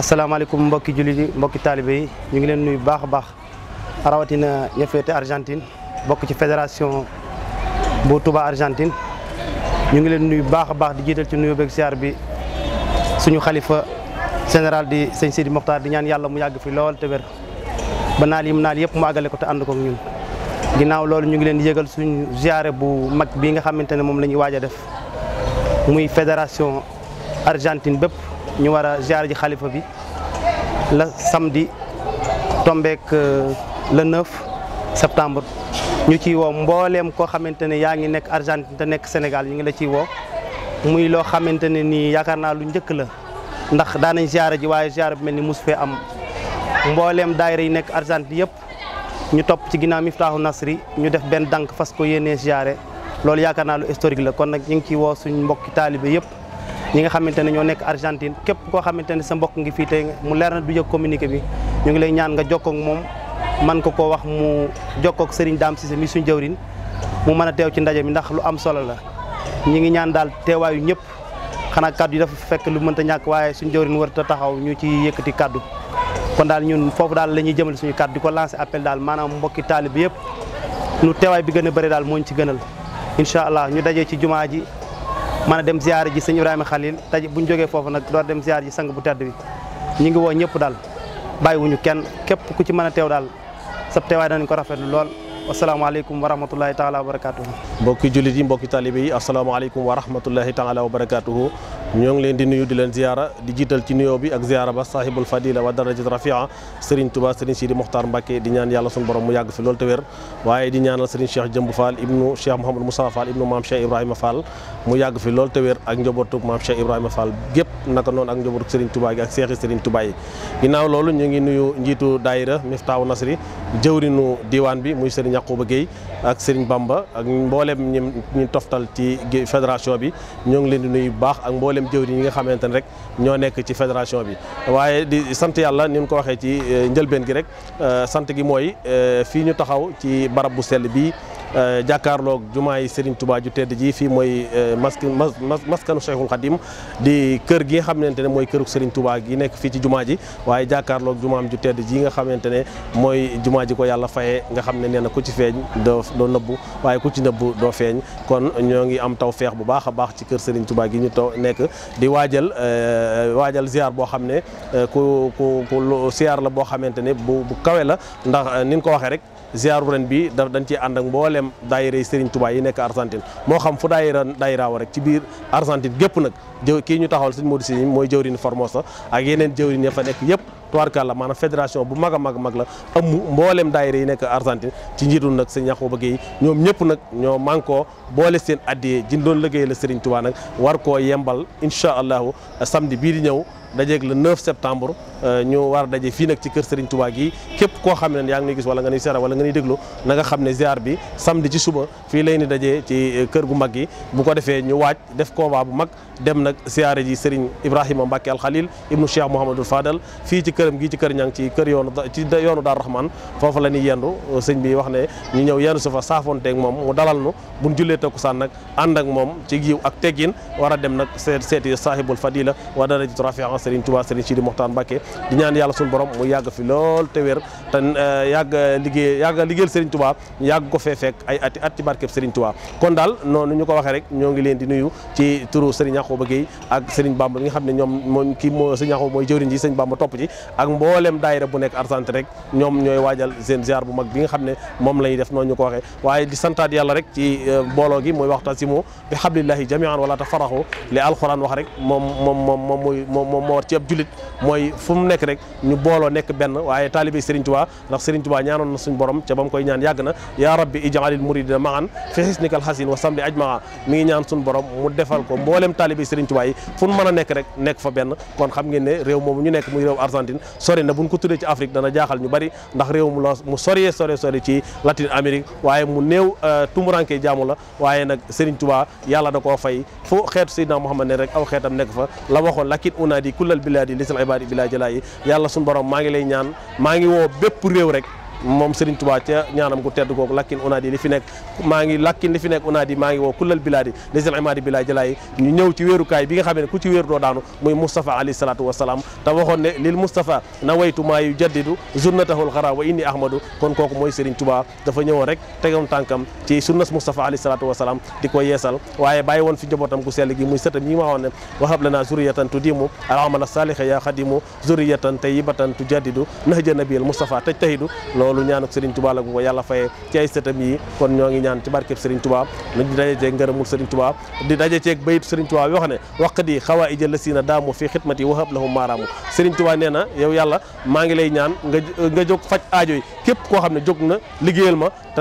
asalaamaaleykum mbokki jullit yi mbokki taalibe yi ñu ngi leen nuyu baax a baax rawatina ña féete Argentine bokk ci fédération bu Touba Argentine ñu ngi leen nuyu baax a baax di jiital ci nuyoo beeg siyaar bi suñu xalifa général di sëñ Sidi Mokhtar di ñaan yàlla mu yàgg fi lool teber wér ba naal yi naal yëpp mu àggale ko te ànd ko ñun. ginnaaw loolu ñu ngi leen di yëgal suñu ziare bu mag bii nga xamante ne moom la ñuy waaj a def muy fédération Argentine bépp. ñu war a ziar ji xalifa bi la samedi tombeek euh, le 9 septembre ñu ciy woo mbooleem koo xamante ne yaa ngi nekk Argentine te nekk Sénégal ñu ngi la ciy woo muy loo xamante ne nii yaakaar naa lu njëkk la ndax daanañ ziar ji waaye ziar bi mel ni mus fee am mbooleem daayira yi nekk Argentine yëpp ñu top ci ginnaaw Miftaahu Nasri ñu def benn dank fas ko yéenee ziare loolu yaakaar naa lu historique la kon nag ñu ngi ciy woo suñ mbokki taalibe yëpp ñi nga xamante ne ñoo nekk Argentine képp koo xamante ne sa mbokk ngi fii te mu leer na du yëg communiqué bi ñu ngi lay ñaan nga jokkoog moom man ko koo wax mu jokkook sëriñ Dame Cissé mi suñ jëwrin mu mën a teew ci ndaje mi ndax lu am solo la ñi ngi ñaan daal teewaayu ñëpp xanaa kaddu yi dafa fekk lu mënta ñàkk waaye suñ jëwrin war ta taxaw ñu ci yëkkati kàddu kon daal ñun foofu daal la ñuy jëmal suñu kaddu ko lancé appel daal maanaam mbokki taalibe yëpp nu teewaay bi gën a bëri daal mooñ ci gënal incha allah ñu daje ci jumaa ji mën a dem ziyaar ji sëñ Ibrahima Khalil taj buñ jógee foofu nag door dem ziyaar ji sang bu tedd bi ñu ngi woo ñëpp daal bàyyiwuñu kenn képp ku ci mën a teew daal sab teewaay danañ ko rafet lool asalaamaaleykum wa rahmatullahi taala wa barakatuhu mbokki jullit yi mbokki taalibé yi asalaamaaleykum wa rahmatullahi taala wa barakatuhu ñoo ngi leen di nuyu di leen ziara di jiital ci nuyoo bi ak ziara ba saahibul fadila wa darajat rafia Serigne Touba Serigne Sidi Mokhtar Mbacke di ñaan yàlla suñu borom mu yàgg fi loolu te wér waaye di ñaanal Serigne Cheikh Jëmb Fall ibnu Cheikh Mouhamadou Moussa Fall ibnu maam Cheikh Ibrahima Fall mu yàgg fi loolu te wér ak njobootuk maam Cheikh Ibrahima Fall gépp naka noonu ak njobootuk Serigne Touba gi ak seexi Serigne Touba yi ginnaaw loolu ñu ngi nuyu njiitu daayira Miftaahu bi muy Serigne Yaqouba mboolem jëwriñ yi nga xamante ne rek ñoo nekk ci fédération bi waaye di sant yàlla ni ñu ko waxee ci eh, njëlbeen gi rek eh, sant gi mooy eh, fii ñu taxaw ci barab bu sell bii Euh, jàkkaarloog jumaa yi Serigne tubaa ju tedd ji fii mooy euh, maski maskanu Cheikhul Khadim di kër gi nga xamante ne mooy këruk Serigne tubaa gi nekk fii ci jumaa ji waaye jàkkaarloog jumaam ju tedd ji nga xamante ne mooy jumaa ji ko yàlla faye nga xam ne nee na ku ci feeñ doo doo nëbbu waaye ku ci nëbbu doo feeñ kon ñoo ngi am taw feex bu baax a baax ci kër Serigne tubaa gi ñu taw nekk di waajal euh, waajal ziar boo xam ne ku ku ku la boo xamante ne bu bu kawe la ndax ni ñu ko waxee rek ziaru ren bi daf dañ ciy ànd ak mbooleem daayira Serigne Touba yi nekk Argentine moo xam fu daayira daayira wa rek ci biir Argentine gépp nag jëw kii ñu taxawal sëñ Modou Sy mooy jëwriñ Formosa ak yeneen jëwriñ ya fa nekk yëpp tubaarkàlla maanaam fédération bu mag a mag mag la ëmb mboolem daayira yi nekk Argentine ci njiitul nag sëñ Yaxuba Géey ñoom ñëpp nag ñoo mànkoo boole seen addiyee jin doon liggéey la Serigne Touba nag war koo yembal incha allahu samedi bii di ñëw dajeeg la 9 septembre euh, ñu war a daje fii nag ci kër Serigne Touba gi képp koo xam ne yaa ngi nuy gis wala nga nuy seera wala nga nuy déglu na nga xam ne ziar bi samedi ci suba fii lay ni dajee ci euh, kër gu mag gi bu ko defee ñu waaj def combat bu mag dem nag siyaare ji Serigne Ibrahima Mbacke Al Khalil ibnu Cheikh Mouhamadul Fadal fii ci këram gi kër ñang ci kër yoonu ci yoonu foofu la ñuy yendu euh, sëñ bi wax ne ñu ñëw yendu si fa saafonteeg moom mu dalal nu buñ jullee takkusaan nag ànd moom ci giiw ak teggin war a dem nag seeti saahibul fadila wa darajatu rafi'a Serigne Touba Serigne Sidi Mokhtar Mbacke di ñaan yàlla suñu borom mu yàgg fi lool te wér te euh, yàgg liggéey yàgg liggéeyal Serigne Touba yàgg ko fee fekk ay ati at ci barkeb Serigne Touba kon daal noonu ñu ko waxee yi ak Serigne Bamba bi nga xam ne ñoom mooy jëwriñ ji topp ci ak mboolem daayira bu nekk Argentine rek ñoom ñooy waajal seen ziar bu mag bi nga xam ne moom la ñuy def noonu ñu ko waxee waaye di santaat yàlla rek ci euh, booloo gi mooy waxtasimu bi hablillahi jamian wala tafarraxu li alxuraan wax rek moom moom moom moom mooy moom moo mu na suñ borom ca ba mu koy ñaan yàgg na yaa rabbi ijaalil muridina maan fi xisnikal xasin wa samli ajmaa mi ngi ñaan suñ borom mu defal ko mboolem taalibe Serigne Serigne Touba yi fu nu mën a nekk rek nekk fa benn kon xam ngeen ne réew moomu ñu nekk muy réew Argentine sori na buñ ko tuddee ci Afrique dana jaaxal ñu bari ndax réew mu la mu sori sori sori ci Latin Amérique waaye mu néew euh, tumuranke jaamu la waaye nag Serigne Touba yàlla da koo fay foo fu xeetu Seydina Muhammad ne rek aw xeetam nekk fa la waxoon lakit unaadi kullal bilaadi lisal ibaadi bila jëlaa yi yàlla suñu borom maa ngi lay ñaan maa ngi woo bépp réew rek moom Serigne Touba ca ñaanam gu tedd googu lakkin unaadi li fi nekk maa ngi lakkin li fi nekk unaadi maa ngi woo kullal bilaadi lisal imaadi bilaa jëlaay ñu ñëw ci wéerukaay bi nga xam ne ku ci wéeru doo daanu muy Moustapha alayhi salaatu wasalaam te waxoon ne lil Moustapha nawaytu maa yu jaddidu sunnatahul xara wa inni ahmadou kon kooku mooy Serigne Touba dafa ñëwoon rek tegam tànkam ci sunnas Moustapha alayhi salaatu wasalaam di ko yeesal waaye bàyyi woon fi njabootam gu sell gi muy sëtam yi ma waxoon ne wahab lana zuriyatan tudimu al amala saaliha ya xadimu loolu ñaanuk Serigne Touba la ko yàlla fayee ci ay sëtam yi kon ñoo ngi ñaan ci barkeb Serigne Touba nañ di ceeg ngërëmul Serigne Touba di daje ceeg la siina daamu fi na yow yàlla maa ngi lay ñaan nga jóg faj aajo yi képp koo xam ne jóg na liggéeyal ma te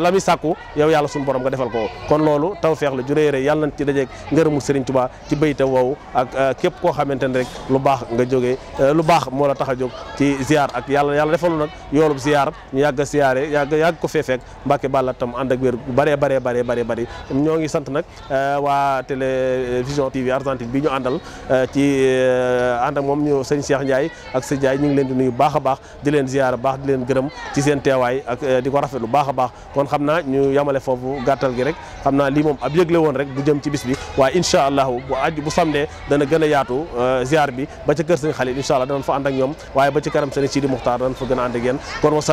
la muy sàkku yow yàlla suñu borom nga defal ko kon loolu tawfeex la ju rëy rëy yàlla nañ ci dajeeg ngërëmul Serigne Touba ci bayta woowu ak euh, képp koo xamante ne rek lu baax nga jógee euh, lu baax moo la tax a jóg ci ziar ak yàlla yàlla defalu nag yoolub ziar xaar ñu yàgg a siyaare yàgg yàgg ko fee fekk Mbàkke Bàlla tam ànd ak wér bu bëree bëree bëree bëree bëri ñoo ngi sant nag euh, waa télévision TV Argentine bi ñu àndal euh, ci euh, ànd ak moom ñu sëñ Cheikh Ndiaye ak sëñ Ndiaye ñu ngi leen di nuyu baax a baax di leen ziyaara baax di leen gërëm ci seen teewaay ak di ko rafetlu baax a baax kon xam naa ñu yamale foofu gàttal gi rek xam naa lii moom ab yëgle woon rek bu jëm ci bis bi waaye incha allahu bu aju bu samdee dana gën a yaatu ziar bi ba ca kër sëñ Xalil incha allah danañ fa ànd ak ñoom waaye ba ci kanam sëñ Sidi Muxtaar danañ fa gën a ànd ak yéen kon